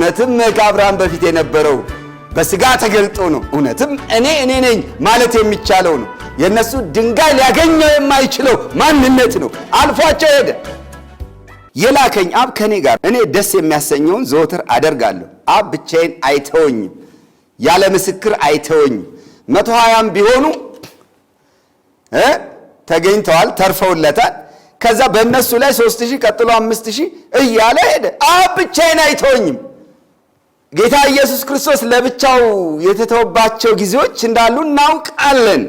እውነትም ከአብርሃም በፊት የነበረው በስጋ ተገልጦ ነው። እውነትም እኔ እኔ ነኝ ማለት የሚቻለው ነው። የእነሱ ድንጋይ ሊያገኘው የማይችለው ማንነት ነው። አልፏቸው ሄደ። የላከኝ አብ ከእኔ ጋር፣ እኔ ደስ የሚያሰኘውን ዘወትር አደርጋለሁ። አብ ብቻዬን አይተወኝም፣ ያለ ምስክር አይተወኝም። መቶ ሀያም ቢሆኑ ተገኝተዋል፣ ተርፈውለታል። ከዛ በእነሱ ላይ ሶስት ሺህ ቀጥሎ አምስት ሺህ እያለ ሄደ። አብ ብቻዬን አይተወኝም። ጌታ ኢየሱስ ክርስቶስ ለብቻው የተተወባቸው ጊዜዎች እንዳሉ እናውቃለን።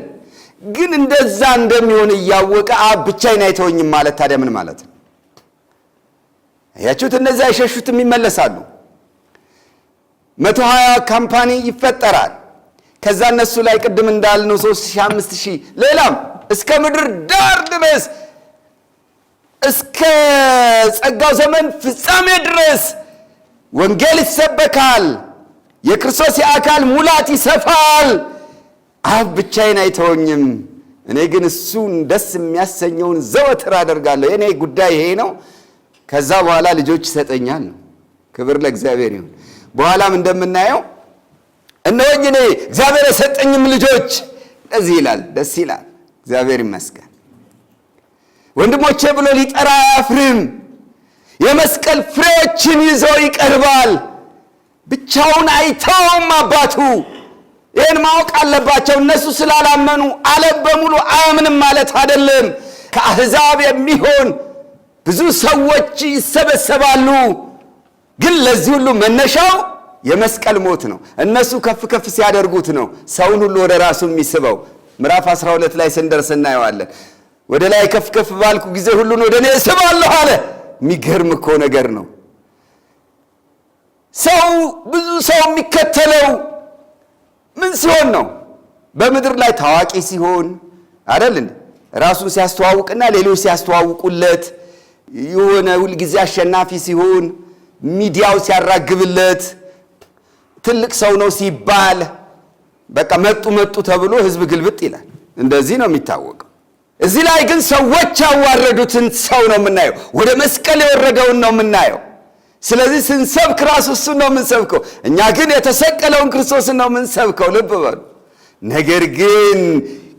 ግን እንደዛ እንደሚሆን እያወቀ አብ ብቻዬን አይተወኝም ማለት ታዲያ ምን ማለት ነው? ያችሁት እነዚያ የሸሹትም ይመለሳሉ። መቶ ሀያ ካምፓኒ ይፈጠራል። ከዛ እነሱ ላይ ቅድም እንዳልነው ነው ሺህ አምስት ሺህ ሌላም እስከ ምድር ዳር ድረስ እስከ ጸጋው ዘመን ፍጻሜ ድረስ ወንጌል ይሰበካል። የክርስቶስ የአካል ሙላት ይሰፋል። አብ ብቻዬን አይተወኝም፣ እኔ ግን እሱን ደስ የሚያሰኘውን ዘወትር አደርጋለሁ። የእኔ ጉዳይ ይሄ ነው። ከዛ በኋላ ልጆች ይሰጠኛል ነው። ክብር ለእግዚአብሔር ይሁን። በኋላም እንደምናየው እነሆኝ እኔ እግዚአብሔር የሰጠኝም ልጆች እዚህ ይላል። ደስ ይላል። እግዚአብሔር ይመስገን። ወንድሞቼ ብሎ ሊጠራ አያፍርም። የመስቀል ፍሬዎችን ይዞ ይቀርባል። ብቻውን አይተውም አባቱ። ይህን ማወቅ አለባቸው። እነሱ ስላላመኑ ዓለም በሙሉ አያምንም ማለት አይደለም። ከአሕዛብ የሚሆን ብዙ ሰዎች ይሰበሰባሉ። ግን ለዚህ ሁሉ መነሻው የመስቀል ሞት ነው። እነሱ ከፍ ከፍ ሲያደርጉት ነው ሰውን ሁሉ ወደ ራሱ የሚስበው። ምዕራፍ 12 ላይ ስንደርስ እናየዋለን። ወደ ላይ ከፍ ከፍ ባልኩ ጊዜ ሁሉን ወደ እኔ እስባለሁ አለ። የሚገርም እኮ ነገር ነው። ሰው ብዙ ሰው የሚከተለው ምን ሲሆን ነው? በምድር ላይ ታዋቂ ሲሆን አደል ራሱን ሲያስተዋውቅና ሌሎች ሲያስተዋውቁለት የሆነ ሁልጊዜ አሸናፊ ሲሆን ሚዲያው ሲያራግብለት ትልቅ ሰው ነው ሲባል በቃ መጡ መጡ ተብሎ ህዝብ ግልብጥ ይላል። እንደዚህ ነው የሚታወቀው። እዚህ ላይ ግን ሰዎች ያዋረዱትን ሰው ነው የምናየው። ወደ መስቀል የወረደውን ነው የምናየው። ስለዚህ ስንሰብክ ራሱ እሱን ነው የምንሰብከው። እኛ ግን የተሰቀለውን ክርስቶስን ነው የምንሰብከው። ልብ በሉ። ነገር ግን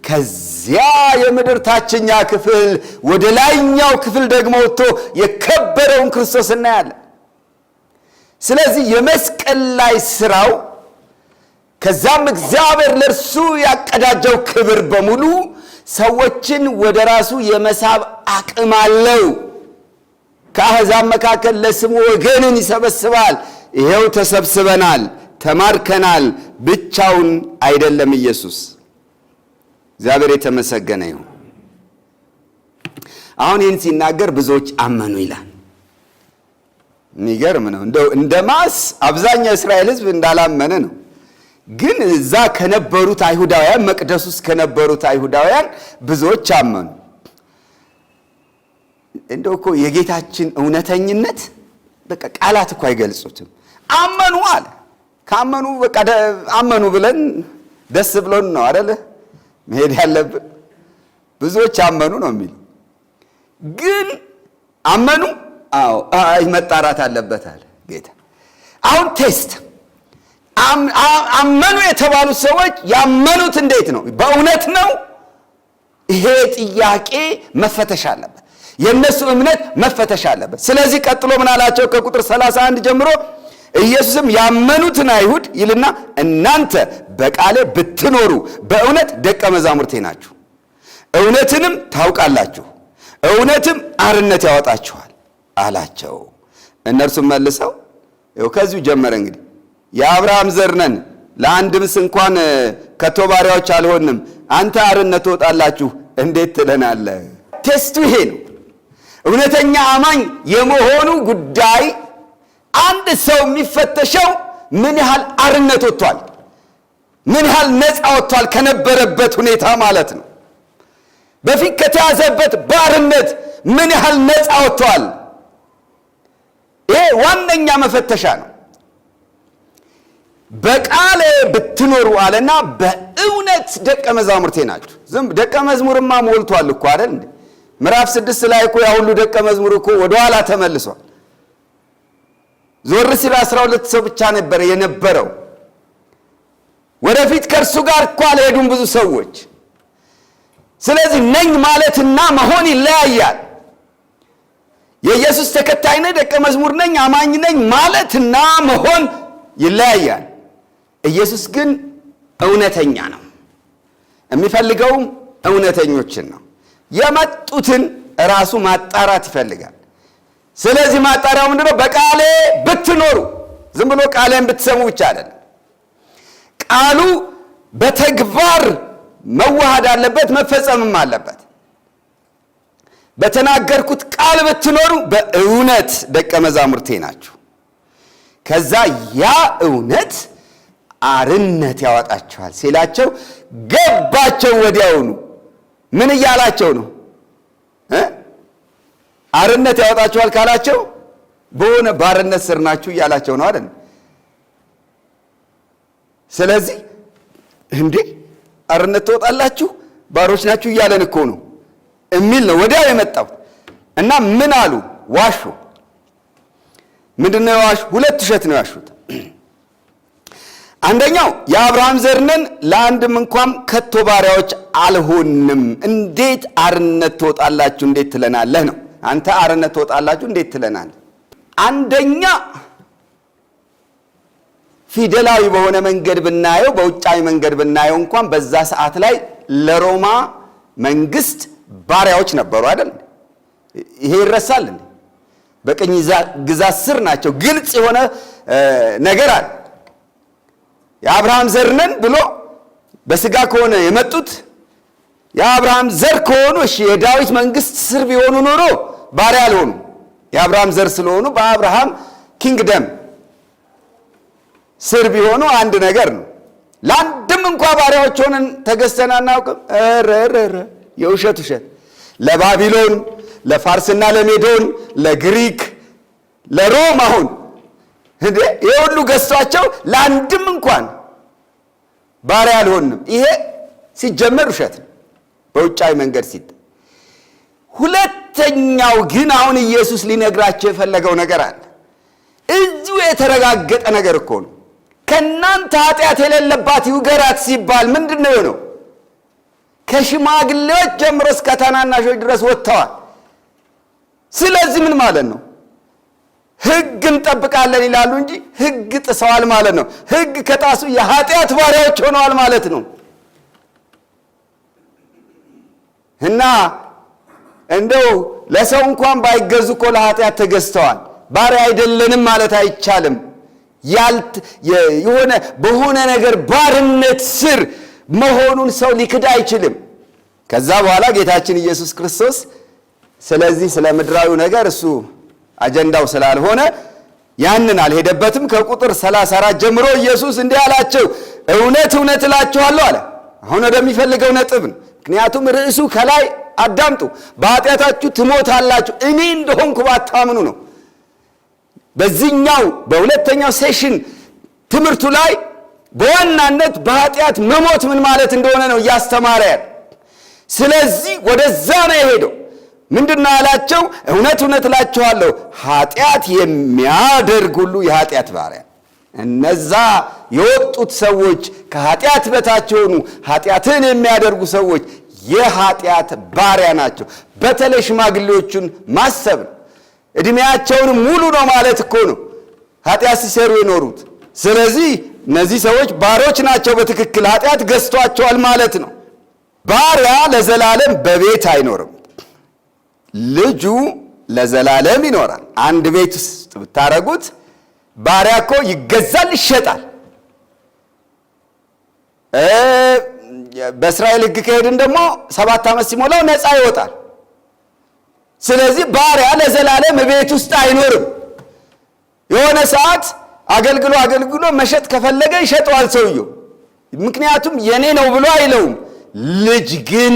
ከዚያ የምድር ታችኛ ክፍል ወደ ላይኛው ክፍል ደግሞ ወጥቶ የከበረውን ክርስቶስ እናያለን። ስለዚህ የመስቀል ላይ ስራው ከዛም እግዚአብሔር ለእርሱ ያቀዳጀው ክብር በሙሉ ሰዎችን ወደ ራሱ የመሳብ አቅም አለው። ከአሕዛብ መካከል ለስሙ ወገንን ይሰበስባል። ይኸው ተሰብስበናል፣ ተማርከናል። ብቻውን አይደለም ኢየሱስ። እግዚአብሔር የተመሰገነ ይሁን። አሁን ይህን ሲናገር ብዙዎች አመኑ ይላል። የሚገርም ነው። እንደው እንደ ማስ አብዛኛው እስራኤል ሕዝብ እንዳላመነ ነው። ግን እዛ ከነበሩት አይሁዳውያን መቅደስ ውስጥ ከነበሩት አይሁዳውያን ብዙዎች አመኑ። እንደው እኮ የጌታችን እውነተኝነት በቃ ቃላት እኮ አይገልጹትም። አመኑ አለ። ካመኑ በቃ አመኑ ብለን ደስ ብሎን ነው አደለ መሄድ ያለብን። ብዙዎች አመኑ ነው የሚል ግን አመኑ። አዎ አይ መጣራት አለበት አለ ጌታ። አሁን ቴስት አመኑ የተባሉት ሰዎች ያመኑት እንዴት ነው? በእውነት ነው? ይሄ ጥያቄ መፈተሽ አለበት። የእነሱ እምነት መፈተሽ አለበት። ስለዚህ ቀጥሎ ምን አላቸው? ከቁጥር 31 ጀምሮ ኢየሱስም ያመኑትን አይሁድ ይልና እናንተ በቃሌ ብትኖሩ በእውነት ደቀ መዛሙርቴ ናችሁ፣ እውነትንም ታውቃላችሁ፣ እውነትም አርነት ያወጣችኋል አላቸው። እነርሱም መልሰው ከዚሁ ጀመረ እንግዲህ የአብርሃም ዘር ነን፣ ለአንድምስ እንኳን ከቶ ባሪያዎች አልሆንም። አንተ አርነት ትወጣላችሁ እንዴት ትለናለህ? ቴስቱ ይሄ ነው። እውነተኛ አማኝ የመሆኑ ጉዳይ አንድ ሰው የሚፈተሸው ምን ያህል አርነት ወጥቷል፣ ምን ያህል ነፃ ወጥቷል ከነበረበት ሁኔታ ማለት ነው። በፊት ከተያዘበት ባርነት ምን ያህል ነፃ ወጥቷል? ይሄ ዋነኛ መፈተሻ ነው። በቃሌ ብትኖሩ አለና በእውነት ደቀ መዛሙርቴ ናችሁ። ዝም ደቀ መዝሙርማ ሞልቷል እኮ አይደል እንዴ? ምዕራፍ ስድስት ላይ እኮ ያ ሁሉ ደቀ መዝሙር እኮ ወደኋላ ተመልሷል። ዞር ሲል አስራ ሁለት ሰው ብቻ ነበረ የነበረው። ወደፊት ከእርሱ ጋር እኮ አልሄዱም ብዙ ሰዎች። ስለዚህ ነኝ ማለትና መሆን ይለያያል። የኢየሱስ ተከታይ ነኝ፣ ደቀ መዝሙር ነኝ፣ አማኝ ነኝ ማለትና መሆን ይለያያል። ኢየሱስ ግን እውነተኛ ነው። የሚፈልገውም እውነተኞችን ነው። የመጡትን ራሱ ማጣራት ይፈልጋል። ስለዚህ ማጣሪያው ምንድነው? በቃሌ ብትኖሩ ዝም ብሎ ቃሌን ብትሰሙ ብቻ አይደለም። ቃሉ በተግባር መዋሃድ አለበት፣ መፈጸምም አለበት። በተናገርኩት ቃል ብትኖሩ በእውነት ደቀ መዛሙርቴ ናችሁ። ከዛ ያ እውነት አርነት ያወጣቸዋል ሲላቸው ገባቸው ወዲያውኑ። ምን እያላቸው ነው? አርነት ያወጣቸዋል ካላቸው በሆነ ባርነት ስር ናችሁ እያላቸው ነው አይደል? ስለዚህ እንዴ አርነት ትወጣላችሁ ባሮች ናችሁ እያለን እኮ ነው የሚል ነው ወዲያው የመጣው እና ምን አሉ? ዋሹ። ምንድነው የዋሹ? ሁለት ውሸት ነው ያሹት። አንደኛው የአብርሃም ዘርነን ለአንድም እንኳም ከቶ ባሪያዎች አልሆንም። እንዴት አርነት ትወጣላችሁ? እንዴት ትለናለህ ነው። አንተ አርነት ትወጣላችሁ፣ እንዴት ትለናለህ? አንደኛ ፊደላዊ በሆነ መንገድ ብናየው፣ በውጫዊ መንገድ ብናየው እንኳን በዛ ሰዓት ላይ ለሮማ መንግስት ባሪያዎች ነበሩ አይደል? ይሄ ይረሳል። በቅኝ ግዛት ስር ናቸው። ግልጽ የሆነ ነገር አለ። የአብርሃም ዘር ነን ብሎ በስጋ ከሆነ የመጡት የአብርሃም ዘር ከሆኑ እሺ የዳዊት መንግስት ስር ቢሆኑ ኖሮ ባሪያ ልሆኑ የአብርሃም ዘር ስለሆኑ በአብርሃም ኪንግደም ስር ቢሆኑ አንድ ነገር ነው። ለአንድም እንኳ ባሪያዎች ሆነን ተገዝተን አናውቅም። ረረረ የውሸት ውሸት ለባቢሎን ለፋርስና ለሜዶን ለግሪክ ለሮም አሁን እንዴ ይሄ ሁሉ ገዝቷቸው ለአንድም እንኳን ባሪያ አልሆንም። ይሄ ሲጀመር ውሸት ነው በውጫዊ መንገድ ሲት። ሁለተኛው ግን አሁን ኢየሱስ ሊነግራቸው የፈለገው ነገር አለ። እዚሁ የተረጋገጠ ነገር እኮ ነው። ከእናንተ ኃጢአት የሌለባት ይውገራት ሲባል ምንድን ነው የሆነው? ከሽማግሌዎች ጀምሮ እስከ ታናናሾች ድረስ ወጥተዋል። ስለዚህ ምን ማለት ነው? ሕግ ሕግ እንጠብቃለን ይላሉ እንጂ ህግ ጥሰዋል ማለት ነው። ህግ ከጣሱ የኃጢአት ባሪያዎች ሆነዋል ማለት ነው እና እንደው ለሰው እንኳን ባይገዙ እኮ ለኃጢአት ተገዝተዋል። ባሪያ አይደለንም ማለት አይቻልም። የሆነ በሆነ ነገር ባርነት ስር መሆኑን ሰው ሊክድ አይችልም። ከዛ በኋላ ጌታችን ኢየሱስ ክርስቶስ ስለዚህ ስለ ምድራዊ ነገር እሱ አጀንዳው ስላልሆነ ያንን አልሄደበትም። ከቁጥር 34 ጀምሮ ኢየሱስ እንዲህ አላቸው፣ እውነት እውነት እላችኋለሁ አለ። አሁን ወደሚፈልገው ነጥብ ነው። ምክንያቱም ርዕሱ ከላይ አዳምጡ፣ በኃጢአታችሁ ትሞታላችሁ እኔ እንደሆንኩ ባታምኑ ነው። በዚህኛው በሁለተኛው ሴሽን ትምህርቱ ላይ በዋናነት በኃጢአት መሞት ምን ማለት እንደሆነ ነው እያስተማረ ያለ። ስለዚህ ወደዛ ነው የሄደው። ነው አላቸው? እውነት እውነት እላችኋለሁ ኃጢአት የሚያደርግ ሁሉ የኃጢአት ባሪያ። እነዛ የወጡት ሰዎች ከኃጢአት በታች የሆኑ ኃጢአትን የሚያደርጉ ሰዎች የኃጢአት ባሪያ ናቸው። በተለይ ሽማግሌዎቹን ማሰብ ነው። እድሜያቸውን ሙሉ ነው ማለት እኮ ነው ኃጢአት ሲሰሩ የኖሩት። ስለዚህ እነዚህ ሰዎች ባሪዎች ናቸው። በትክክል ኃጢአት ገዝቷቸዋል ማለት ነው። ባሪያ ለዘላለም በቤት አይኖርም። ልጁ ለዘላለም ይኖራል። አንድ ቤት ውስጥ ብታረጉት ባሪያ እኮ ይገዛል፣ ይሸጣል። በእስራኤል ሕግ ከሄድን ደግሞ ሰባት ዓመት ሲሞላው ነፃ ይወጣል። ስለዚህ ባሪያ ለዘላለም ቤት ውስጥ አይኖርም። የሆነ ሰዓት አገልግሎ አገልግሎ መሸጥ ከፈለገ ይሸጠዋል ሰውየው፣ ምክንያቱም የኔ ነው ብሎ አይለውም። ልጅ ግን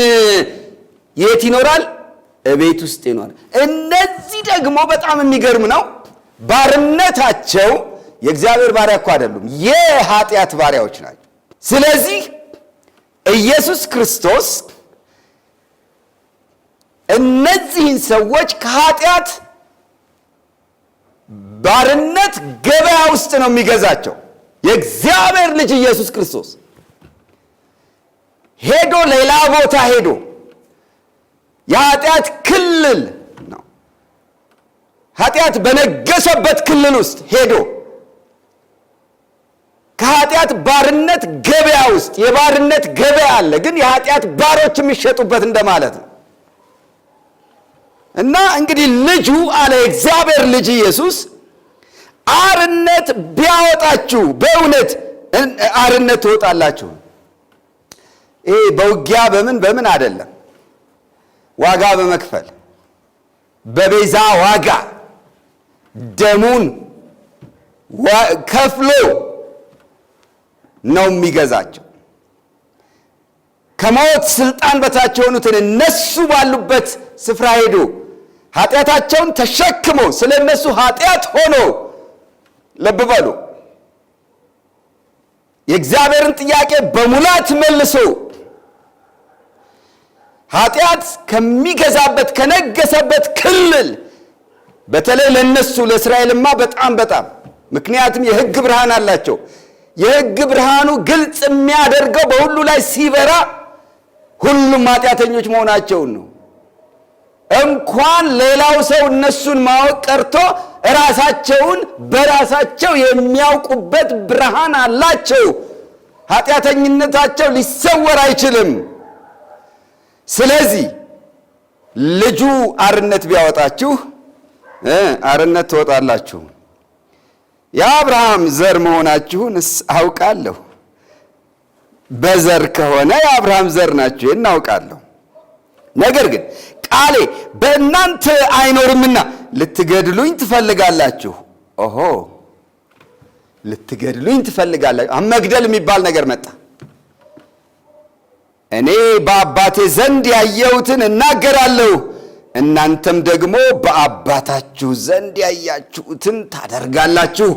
የት ይኖራል? እቤት ውስጥ ይኖር። እነዚህ ደግሞ በጣም የሚገርም ነው። ባርነታቸው የእግዚአብሔር ባሪያ እኮ አይደሉም፣ የኃጢአት ባሪያዎች ናቸው። ስለዚህ ኢየሱስ ክርስቶስ እነዚህን ሰዎች ከኃጢአት ባርነት ገበያ ውስጥ ነው የሚገዛቸው። የእግዚአብሔር ልጅ ኢየሱስ ክርስቶስ ሄዶ ሌላ ቦታ ሄዶ የኃጢአት ክልል ነው። ኃጢአት በነገሰበት ክልል ውስጥ ሄዶ ከኃጢአት ባርነት ገበያ ውስጥ የባርነት ገበያ አለ፣ ግን የኃጢአት ባሮች የሚሸጡበት እንደማለት ነው። እና እንግዲህ ልጁ አለ እግዚአብሔር ልጅ ኢየሱስ አርነት ቢያወጣችሁ በእውነት አርነት ትወጣላችሁ። ይሄ በውጊያ በምን በምን አይደለም። ዋጋ በመክፈል በቤዛ ዋጋ ደሙን ከፍሎ ነው የሚገዛቸው። ከሞት ስልጣን በታች የሆኑትን እነሱ ባሉበት ስፍራ ሄዶ ኃጢአታቸውን ተሸክሞ ስለ እነሱ ኃጢአት ሆኖ ልብ በሉ የእግዚአብሔርን ጥያቄ በሙላት መልሶ ኃጢአት ከሚገዛበት ከነገሰበት ክልል በተለይ ለነሱ ለእስራኤልማ በጣም በጣም ምክንያቱም የህግ ብርሃን አላቸው። የህግ ብርሃኑ ግልጽ የሚያደርገው በሁሉ ላይ ሲበራ ሁሉም ኃጢአተኞች መሆናቸውን ነው። እንኳን ሌላው ሰው እነሱን ማወቅ ቀርቶ ራሳቸውን በራሳቸው የሚያውቁበት ብርሃን አላቸው። ኃጢአተኝነታቸው ሊሰወር አይችልም። ስለዚህ ልጁ አርነት ቢያወጣችሁ አርነት ትወጣላችሁ፣ የአብርሃም ዘር መሆናችሁን አውቃለሁ። በዘር ከሆነ የአብርሃም ዘር ናችሁ እናውቃለሁ። ነገር ግን ቃሌ በእናንተ አይኖርምና ልትገድሉኝ ትፈልጋላችሁ። ኦሆ ልትገድሉኝ ትፈልጋላችሁ። መግደል የሚባል ነገር መጣ። እኔ በአባቴ ዘንድ ያየሁትን እናገራለሁ፣ እናንተም ደግሞ በአባታችሁ ዘንድ ያያችሁትን ታደርጋላችሁ።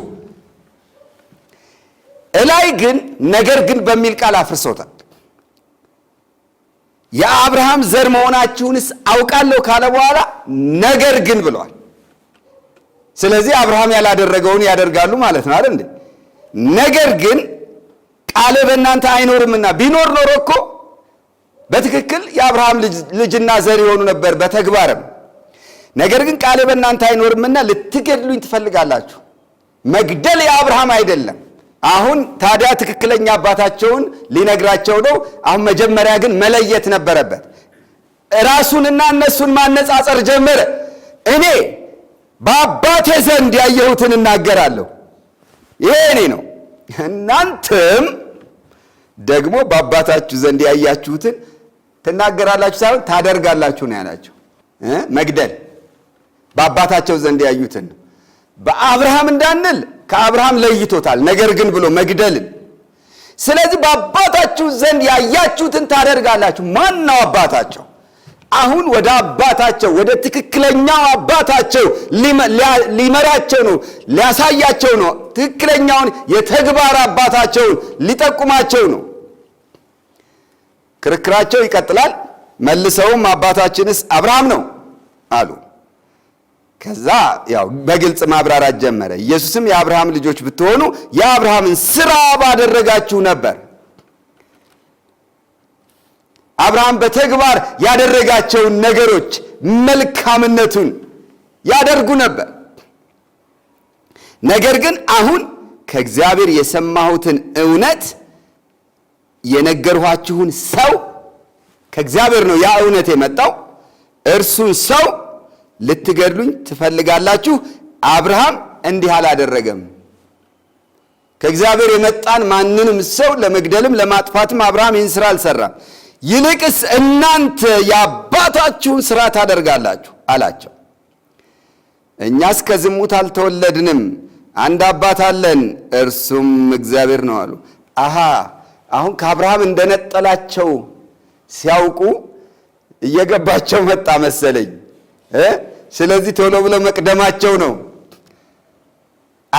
እላይ ግን ነገር ግን በሚል ቃል አፍርሶታል። የአብርሃም ዘር መሆናችሁንስ አውቃለሁ ካለ በኋላ ነገር ግን ብለዋል። ስለዚህ አብርሃም ያላደረገውን ያደርጋሉ ማለት ነው አይደል ነገር ግን ቃሌ በእናንተ አይኖርምና ቢኖር ኖሮ እኮ በትክክል የአብርሃም ልጅና ዘር የሆኑ ነበር በተግባርም። ነገር ግን ቃሌ በእናንተ አይኖርምና ልትገድሉኝ ትፈልጋላችሁ። መግደል የአብርሃም አይደለም። አሁን ታዲያ ትክክለኛ አባታቸውን ሊነግራቸው ነው። አሁን መጀመሪያ ግን መለየት ነበረበት። ራሱንና እነሱን ማነጻጸር ጀመረ። እኔ በአባቴ ዘንድ ያየሁትን እናገራለሁ፣ ይሄ እኔ ነው። እናንተም ደግሞ በአባታችሁ ዘንድ ያያችሁትን ትናገራላችሁ ሳይሆን ታደርጋላችሁ ነው ያላቸው። መግደል በአባታቸው ዘንድ ያዩትን በአብርሃም እንዳንል ከአብርሃም ለይቶታል። ነገር ግን ብሎ መግደልን ስለዚህ በአባታችሁ ዘንድ ያያችሁትን ታደርጋላችሁ። ነው አባታቸው? አሁን ወደ አባታቸው ወደ ትክክለኛው አባታቸው ሊመራቸው ነው፣ ሊያሳያቸው ነው። ትክክለኛውን የተግባር አባታቸውን ሊጠቁማቸው ነው። ክርክራቸው ይቀጥላል። መልሰውም አባታችንስ አብርሃም ነው አሉ። ከዛ ያው በግልጽ ማብራራት ጀመረ። ኢየሱስም የአብርሃም ልጆች ብትሆኑ የአብርሃምን ስራ ባደረጋችሁ ነበር። አብርሃም በተግባር ያደረጋቸውን ነገሮች መልካምነቱን ያደርጉ ነበር። ነገር ግን አሁን ከእግዚአብሔር የሰማሁትን እውነት የነገርኋችሁን ሰው ከእግዚአብሔር ነው ያ እውነት የመጣው እርሱን ሰው ልትገድሉኝ ትፈልጋላችሁ። አብርሃም እንዲህ አላደረገም። ከእግዚአብሔር የመጣን ማንንም ሰው ለመግደልም ለማጥፋትም አብርሃም ይህን ስራ አልሰራም። ይልቅስ እናንተ የአባታችሁን ስራ ታደርጋላችሁ አላቸው። እኛስ ከዝሙት አልተወለድንም፣ አንድ አባት አለን፣ እርሱም እግዚአብሔር ነው አሉ። አሃ አሁን ከአብርሃም እንደነጠላቸው ሲያውቁ እየገባቸው መጣ መሰለኝ። ስለዚህ ቶሎ ብሎ መቅደማቸው ነው።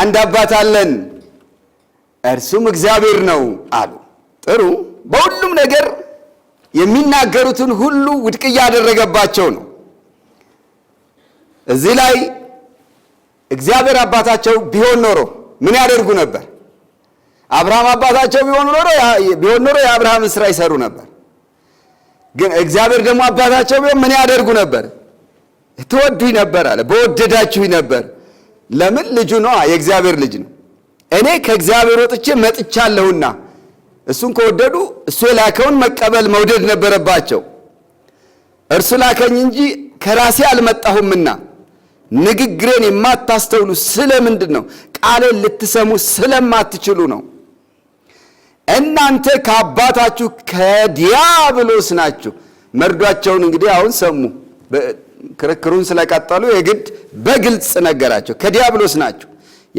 አንድ አባት አለን እርሱም እግዚአብሔር ነው አሉ። ጥሩ። በሁሉም ነገር የሚናገሩትን ሁሉ ውድቅ እያደረገባቸው ነው። እዚህ ላይ እግዚአብሔር አባታቸው ቢሆን ኖሮ ምን ያደርጉ ነበር? አብርሃም አባታቸው ቢሆን ኖሮ ቢሆን ኖሮ የአብርሃምን ስራ ይሰሩ ነበር። ግን እግዚአብሔር ደግሞ አባታቸው ቢሆን ምን ያደርጉ ነበር? ትወዱኝ ነበር አለ። በወደዳችሁ ነበር። ለምን? ልጁ ነዋ፣ የእግዚአብሔር ልጅ ነው። እኔ ከእግዚአብሔር ወጥቼ መጥቻለሁና እሱን ከወደዱ እሱ የላከውን መቀበል መውደድ ነበረባቸው። እርሱ ላከኝ እንጂ ከራሴ አልመጣሁምና ንግግሬን የማታስተውሉ ስለምንድን ነው? ቃሌን ልትሰሙ ስለማትችሉ ነው። እናንተ ከአባታችሁ ከዲያብሎስ ናችሁ። መርዷቸውን እንግዲህ አሁን ሰሙ። ክርክሩን ስለቀጠሉ የግድ በግልጽ ነገራቸው። ከዲያብሎስ ናችሁ፣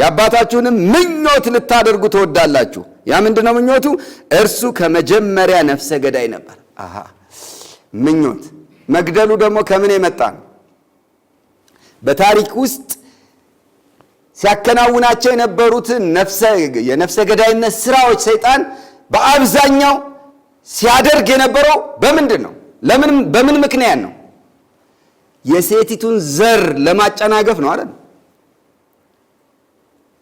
የአባታችሁንም ምኞት ልታደርጉ ትወዳላችሁ። ያ ነው ምኞቱ? እርሱ ከመጀመሪያ ነፍሰ ገዳይ ነበር። ምኞት መግደሉ ደግሞ ከምን የመጣ ነው? በታሪክ ውስጥ ሲያከናውናቸው የነበሩትን የነፍሰ ገዳይነት ስራዎች ሰይጣን በአብዛኛው ሲያደርግ የነበረው በምንድን ነው? በምን ምክንያት ነው? የሴቲቱን ዘር ለማጨናገፍ ነው አለ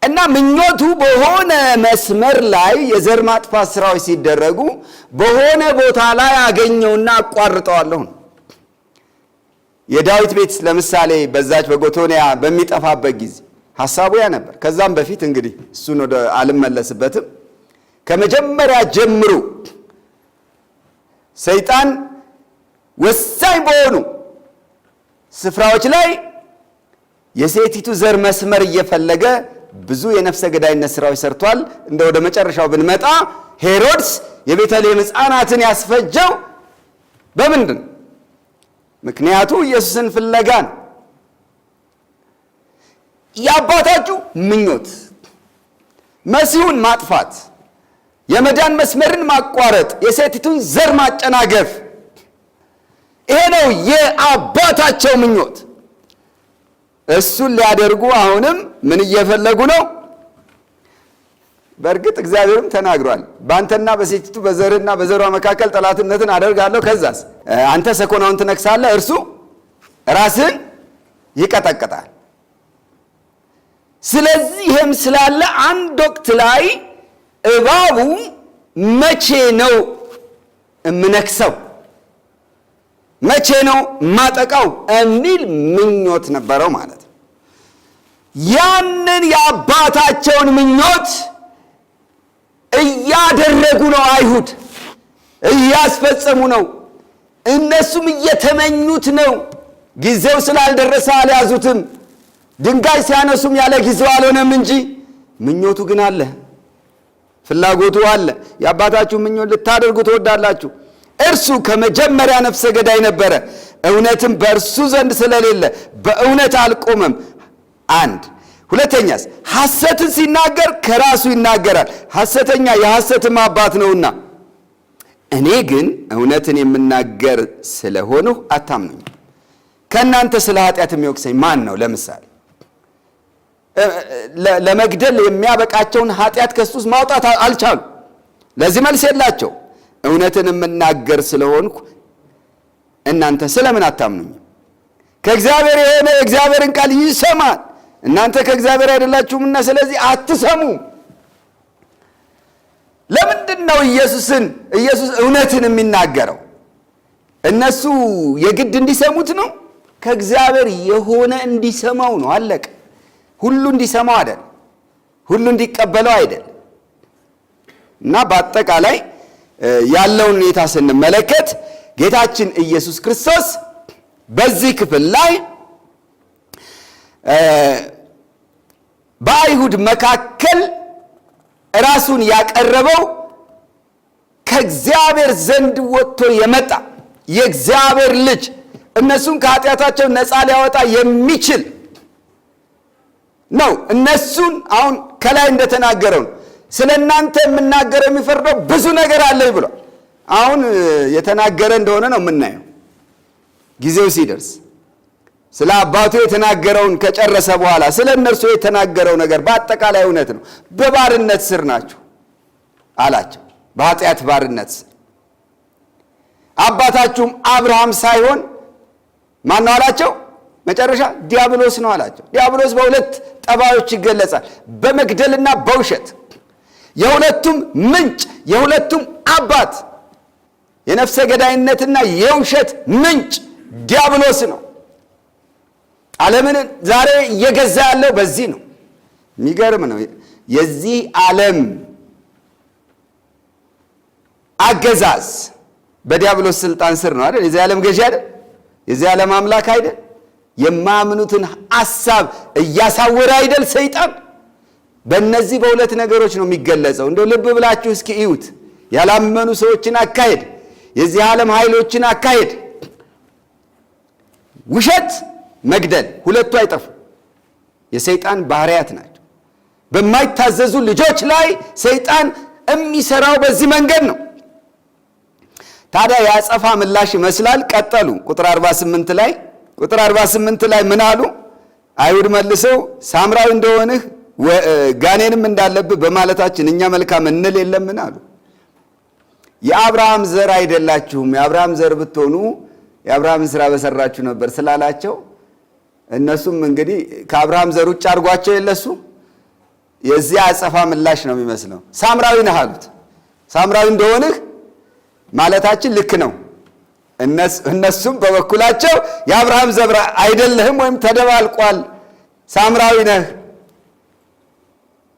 እና ምኞቱ በሆነ መስመር ላይ የዘር ማጥፋት ስራዎች ሲደረጉ በሆነ ቦታ ላይ አገኘውና አቋርጠዋለሁ ነው። የዳዊት ቤት ለምሳሌ በዛች በጎቶንያ በሚጠፋበት ጊዜ ሀሳቡ ያ ነበር። ከዛም በፊት እንግዲህ እሱን ወደ አልመለስበትም። ከመጀመሪያ ጀምሮ ሰይጣን ወሳኝ በሆኑ ስፍራዎች ላይ የሴቲቱ ዘር መስመር እየፈለገ ብዙ የነፍሰ ገዳይነት ስራዎች ሰርቷል። እንደ ወደ መጨረሻው ብንመጣ ሄሮድስ የቤተልሔም ሕፃናትን ያስፈጀው በምንድን ምክንያቱ ኢየሱስን ፍለጋ ነው። የአባታችሁ ምኞት መሲሁን ማጥፋት፣ የመዳን መስመርን ማቋረጥ፣ የሴቲቱን ዘር ማጨናገፍ፣ ይሄ ነው የአባታቸው ምኞት። እሱን ሊያደርጉ አሁንም ምን እየፈለጉ ነው? በእርግጥ እግዚአብሔርም ተናግሯል። በአንተና በሴቲቱ በዘርህና በዘሯ መካከል ጠላትነትን አደርጋለሁ። ከዛስ አንተ ሰኮናውን ትነክሳለህ፣ እርሱ ራስህን ይቀጠቅጣል። ስለዚህ ይህም ስላለ አንድ ወቅት ላይ እባቡ መቼ ነው እምነክሰው መቼ ነው ማጠቃው የሚል ምኞት ነበረው ማለት ነው። ያንን የአባታቸውን ምኞት እያደረጉ ነው አይሁድ፣ እያስፈጸሙ ነው። እነሱም እየተመኙት ነው። ጊዜው ስላልደረሰ አልያዙትም። ድንጋይ ሲያነሱም ያለ ጊዜው አልሆነም እንጂ ምኞቱ ግን አለ፣ ፍላጎቱ አለ። የአባታችሁ ምኞት ልታደርጉ ትወዳላችሁ። እርሱ ከመጀመሪያ ነፍሰ ገዳይ ነበረ፣ እውነትም በእርሱ ዘንድ ስለሌለ በእውነት አልቆመም። አንድ ሁለተኛስ ሐሰትን ሲናገር ከራሱ ይናገራል፣ ሐሰተኛ የሐሰትም አባት ነውና። እኔ ግን እውነትን የምናገር ስለሆንሁ አታምኑኝ። ከእናንተ ስለ ኃጢአት የሚወቅሰኝ ማን ነው? ለምሳሌ ለመግደል የሚያበቃቸውን ኃጢአት ውስጥ ማውጣት አልቻሉ። ለዚህ መልስ የላቸው። እውነትን የምናገር ስለሆንኩ እናንተ ስለምን አታምኑኝም? ከእግዚአብሔር የሆነ የእግዚአብሔርን ቃል ይሰማል። እናንተ ከእግዚአብሔር አይደላችሁምና ስለዚህ አትሰሙም። ለምንድን ነው ኢየሱስን ኢየሱስ እውነትን የሚናገረው? እነሱ የግድ እንዲሰሙት ነው? ከእግዚአብሔር የሆነ እንዲሰማው ነው። አለቀ። ሁሉ እንዲሰማው አይደል፣ ሁሉ እንዲቀበለው አይደል። እና በአጠቃላይ ያለውን ሁኔታ ስንመለከት ጌታችን ኢየሱስ ክርስቶስ በዚህ ክፍል ላይ በአይሁድ መካከል ራሱን ያቀረበው ከእግዚአብሔር ዘንድ ወጥቶ የመጣ የእግዚአብሔር ልጅ እነሱን ከኃጢአታቸው ነፃ ሊያወጣ የሚችል ነው። እነሱን አሁን ከላይ እንደተናገረው ስለ እናንተ የምናገረው የሚፈርደው ብዙ ነገር አለኝ ብሏል። አሁን የተናገረ እንደሆነ ነው የምናየው ጊዜው ሲደርስ ስለ አባቱ የተናገረውን ከጨረሰ በኋላ ስለ እነርሱ የተናገረው ነገር በአጠቃላይ እውነት ነው። በባርነት ስር ናችሁ አላቸው፣ በኃጢአት ባርነት ስር። አባታችሁም አብርሃም ሳይሆን ማን ነው አላቸው? መጨረሻ ዲያብሎስ ነው አላቸው። ዲያብሎስ በሁለት ጠባዮች ይገለጻል፣ በመግደልና በውሸት የሁለቱም ምንጭ የሁለቱም አባት የነፍሰ ገዳይነትና የውሸት ምንጭ ዲያብሎስ ነው። ዓለምን ዛሬ እየገዛ ያለው በዚህ ነው። የሚገርም ነው። የዚህ ዓለም አገዛዝ በዲያብሎስ ስልጣን ስር ነው አይደል? የዚህ ዓለም ገዢ አይደል? የዚህ ዓለም አምላክ አይደል? የማያምኑትን ሐሳብ እያሳወረ አይደል ሰይጣን? በእነዚህ በሁለት ነገሮች ነው የሚገለጸው። እንደው ልብ ብላችሁ እስኪ እዩት። ያላመኑ ሰዎችን አካሄድ፣ የዚህ ዓለም ኃይሎችን አካሄድ፣ ውሸት፣ መግደል፣ ሁለቱ አይጠፉ የሰይጣን ባህሪያት ናቸው። በማይታዘዙ ልጆች ላይ ሰይጣን የሚሰራው በዚህ መንገድ ነው። ታዲያ የአጸፋ ምላሽ ይመስላል። ቀጠሉ ቁጥር 48 ላይ ቁጥር 48 ላይ ምን አሉ? አይሁድ መልሰው ሳምራዊ እንደሆንህ ጋኔንም እንዳለብህ በማለታችን እኛ መልካም እንል የለምን አሉ። የአብርሃም ዘር አይደላችሁም፣ የአብርሃም ዘር ብትሆኑ የአብርሃምን ስራ በሰራችሁ ነበር ስላላቸው እነሱም እንግዲህ ከአብርሃም ዘር ውጭ አድርጓቸው የለሱ የዚያ አጸፋ ምላሽ ነው የሚመስለው። ሳምራዊ ነህ አሉት። ሳምራዊ እንደሆንህ ማለታችን ልክ ነው እነሱም በበኩላቸው የአብርሃም ዘብራ አይደለህም ወይም ተደባልቋል፣ ሳምራዊ ነህ፣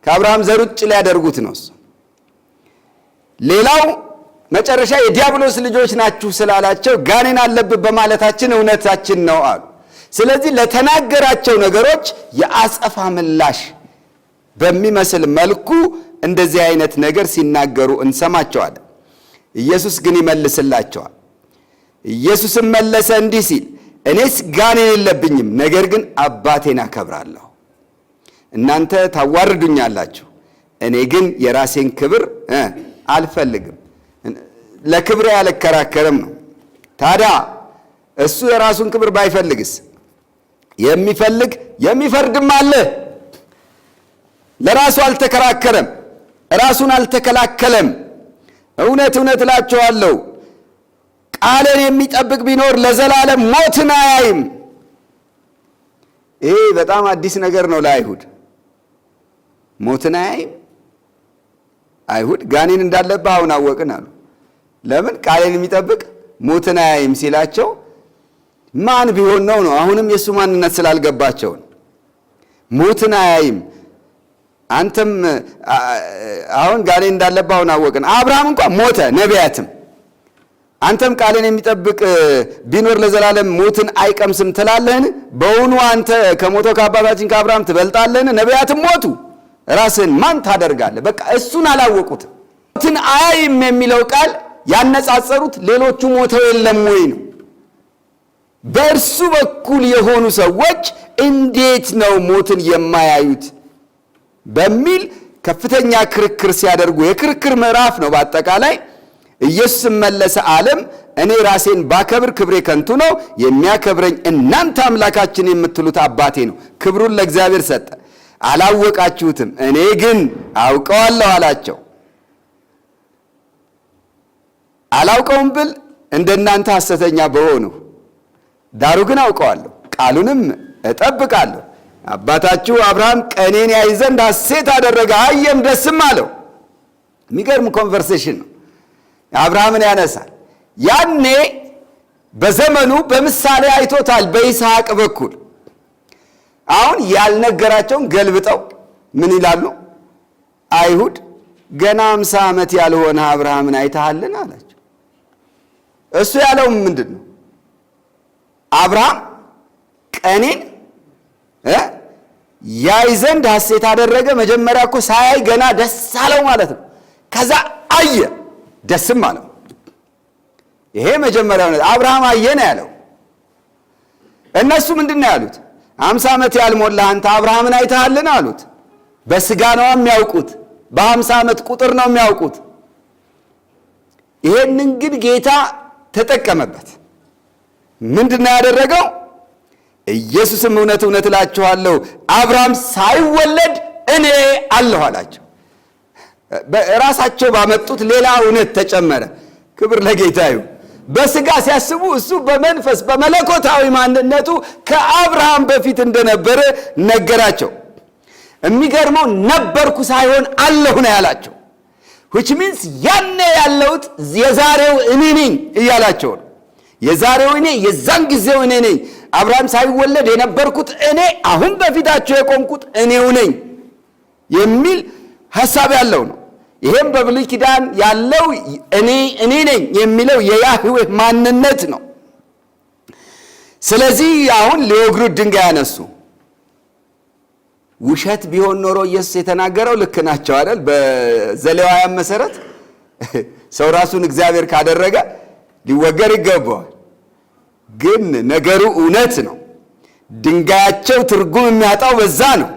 ከአብርሃም ዘር ውጭ ሊያደርጉት ነው። ሌላው መጨረሻ የዲያብሎስ ልጆች ናችሁ ስላላቸው ጋኔን አለብህ በማለታችን እውነታችን ነው አሉ። ስለዚህ ለተናገራቸው ነገሮች የአጸፋ ምላሽ በሚመስል መልኩ እንደዚህ አይነት ነገር ሲናገሩ እንሰማቸዋለን። ኢየሱስ ግን ይመልስላቸዋል። ኢየሱስም መለሰ እንዲህ ሲል እኔስ ጋኔን የለብኝም፣ ነገር ግን አባቴን አከብራለሁ። እናንተ ታዋርዱኛላችሁ፣ እኔ ግን የራሴን ክብር አልፈልግም። ለክብር አልከራከርም ነው። ታዲያ እሱ የራሱን ክብር ባይፈልግስ የሚፈልግ የሚፈርድም አለ። ለራሱ አልተከራከረም፣ ራሱን አልተከላከለም። እውነት እውነት እላችኋለሁ ቃልን የሚጠብቅ ቢኖር ለዘላለም ሞትን አያይም። ይህ በጣም አዲስ ነገር ነው ለአይሁድ። ሞትን አያይም። አይሁድ ጋኔን እንዳለብህ አሁን አወቅን አሉ። ለምን ቃሌን የሚጠብቅ ሞትን አያይም ሲላቸው ማን ቢሆን ነው ነው? አሁንም የእሱ ማንነት ስላልገባቸውን ሞትን አያይም። አንተም አሁን ጋኔን እንዳለብህ አሁን አወቅን። አብርሃም እንኳ ሞተ ነቢያትም አንተም ቃልን የሚጠብቅ ቢኖር ለዘላለም ሞትን አይቀምስም ትላለህን? በውኑ አንተ ከሞተው ከአባታችን ከአብርሃም ትበልጣለህን? ነቢያትም ሞቱ፣ ራስን ማን ታደርጋለህ? በቃ እሱን አላወቁትም። ሞትን አያይም የሚለው ቃል ያነጻጸሩት ሌሎቹ ሞተው የለም ወይ ነው። በእርሱ በኩል የሆኑ ሰዎች እንዴት ነው ሞትን የማያዩት በሚል ከፍተኛ ክርክር ሲያደርጉ የክርክር ምዕራፍ ነው በአጠቃላይ ኢየሱስ መለሰ አለም እኔ ራሴን ባከብር ክብሬ ከንቱ ነው፣ የሚያከብረኝ እናንተ አምላካችን የምትሉት አባቴ ነው። ክብሩን ለእግዚአብሔር ሰጠ። አላወቃችሁትም፣ እኔ ግን አውቀዋለሁ አላቸው። አላውቀውም ብል እንደ እናንተ ሐሰተኛ በሆኑ፣ ዳሩ ግን አውቀዋለሁ፣ ቃሉንም እጠብቃለሁ። አባታችሁ አብርሃም ቀኔን ያይ ዘንድ ሐሴት አደረገ፣ አየም፣ ደስም አለው። የሚገርም ኮንቨርሴሽን ነው። አብርሃምን ያነሳል። ያኔ በዘመኑ በምሳሌ አይቶታል በይስሐቅ በኩል። አሁን ያልነገራቸውን ገልብጠው ምን ይላሉ አይሁድ? ገና አምሳ ዓመት ያልሆነ አብርሃምን አይተሃልን አላቸው። እሱ ያለው ምንድን ነው? አብርሃም ቀኔን ያይ ዘንድ ሐሴት አደረገ። መጀመሪያ እኮ ሳያይ ገና ደስ አለው ማለት ነው። ከዛ አየ ደስም አለው። ይሄ መጀመሪያው ነው። አብርሃም ነው ያለው እነሱ ምንድን ነው ያሉት? አምሳ ዓመት ያልሞላ አንተ አብርሃምን አይተሃልን አሉት። በስጋ ነው የሚያውቁት፣ በአምሳ ዓመት ቁጥር ነው የሚያውቁት። ይሄንን ግን ጌታ ተጠቀመበት። ምንድን ነው ያደረገው? ኢየሱስም እውነት እውነት እላችኋለሁ አብርሃም ሳይወለድ እኔ አለሁ አላቸው። ራሳቸው ባመጡት ሌላ እውነት ተጨመረ። ክብር ለጌታ ይሁን። በስጋ ሲያስቡ እሱ በመንፈስ በመለኮታዊ ማንነቱ ከአብርሃም በፊት እንደነበረ ነገራቸው። የሚገርመው ነበርኩ ሳይሆን አለሁ ነው ያላቸው። ዊች ሚንስ ያኔ ያለሁት የዛሬው እኔ ነኝ እያላቸው ነው። የዛሬው እኔ የዛን ጊዜው እኔ ነኝ። አብርሃም ሳይወለድ የነበርኩት እኔ፣ አሁን በፊታቸው የቆምኩት እኔው ነኝ የሚል ሀሳብ ያለው ነው። ይሄም በብሉይ ኪዳን ያለው እኔ እኔ ነኝ የሚለው የያህዌ ማንነት ነው። ስለዚህ አሁን ሊወግሩት ድንጋይ ያነሱ። ውሸት ቢሆን ኖሮ ኢየሱስ የተናገረው ልክ ናቸው አይደል? በዘሌዋውያን መሰረት ሰው ራሱን እግዚአብሔር ካደረገ ሊወገር ይገባዋል። ግን ነገሩ እውነት ነው። ድንጋያቸው ትርጉም የሚያጣው በዛ ነው።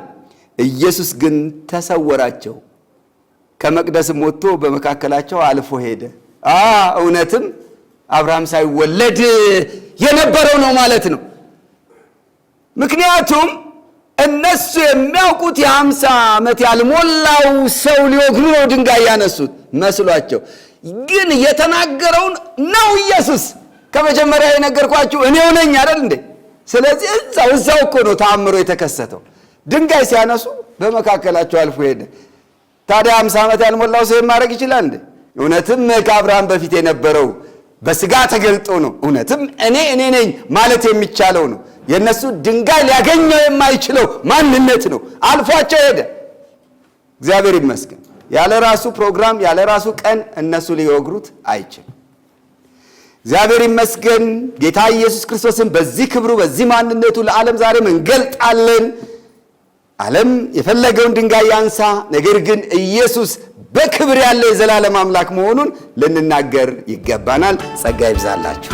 ኢየሱስ ግን ተሰወራቸው። ከመቅደስም ወጥቶ በመካከላቸው አልፎ ሄደ። አ እውነትም አብርሃም ሳይወለድ የነበረው ነው ማለት ነው። ምክንያቱም እነሱ የሚያውቁት የሀምሳ ዓመት ያልሞላው ሰው ሊወግኑ ነው ድንጋይ ያነሱት መስሏቸው፣ ግን የተናገረውን ነው ኢየሱስ። ከመጀመሪያ የነገርኳችሁ እኔው ነኝ አይደል እንዴ? ስለዚህ እዛው እዛው እኮ ነው ተአምሮ የተከሰተው። ድንጋይ ሲያነሱ በመካከላቸው አልፎ ሄደ። ታዲያ አምሳ ዓመት ያልሞላው ሰው ማድረግ ይችላል እንዴ? እውነትም ከአብርሃም በፊት የነበረው በስጋ ተገልጦ ነው። እውነትም እኔ እኔ ነኝ ማለት የሚቻለው ነው። የእነሱ ድንጋይ ሊያገኘው የማይችለው ማንነት ነው። አልፏቸው ሄደ። እግዚአብሔር ይመስገን። ያለ ራሱ ፕሮግራም፣ ያለ ራሱ ቀን እነሱ ሊወግሩት አይችልም። እግዚአብሔር ይመስገን። ጌታ ኢየሱስ ክርስቶስን በዚህ ክብሩ፣ በዚህ ማንነቱ ለዓለም ዛሬም እንገልጣለን። ዓለም የፈለገውን ድንጋይ ያንሳ፣ ነገር ግን ኢየሱስ በክብር ያለ የዘላለም አምላክ መሆኑን ልንናገር ይገባናል። ጸጋ ይብዛላችሁ።